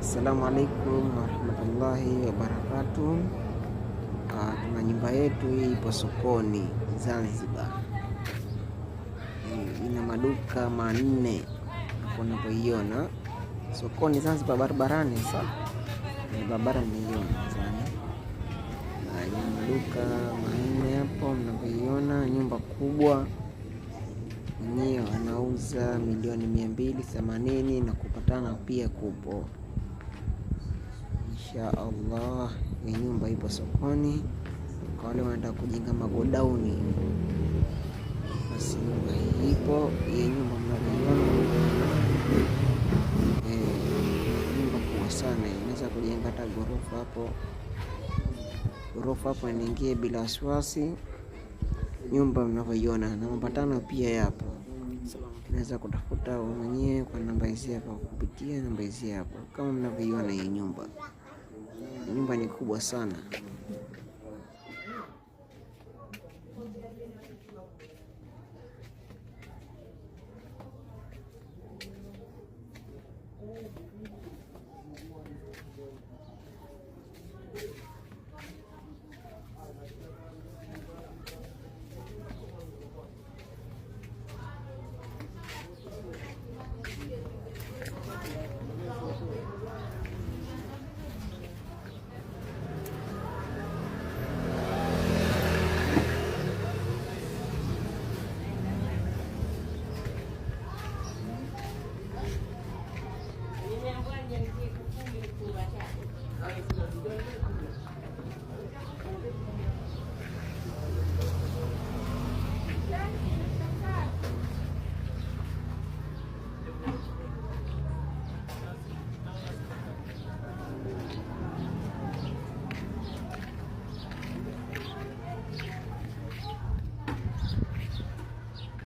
Assalamu alaikum warahmatullahi wabarakatu ah, Tuna nyumba yetu hii ipo sokoni Zanzibar, ina maduka manne hapo unapoiona sokoni Zanzibar, barabarani. sa ni barabara zani na ina maduka manne hapo mnapoiona, nyumba kubwa wenyewe wanauza milioni mia mbili themanini na kupatana pia kupo Insha Allah ni nyumba ipo sokoni, kwa wale wanataka kujenga magodauni, basi nyumba hii ipo. Hii nyumba mnaiona eh, nyumba kubwa sana, inaweza kujenga hata ghorofa hapo, ghorofa hapo niingie bila wasiwasi. Nyumba mnavyoiona na mapatano pia yapo, naweza kutafuta mwenyewe kwa namba hizi hapa, kupitia namba hizi hapo kama mnavyoiona hii nyumba. Nyumba ni kubwa sana. Thank you.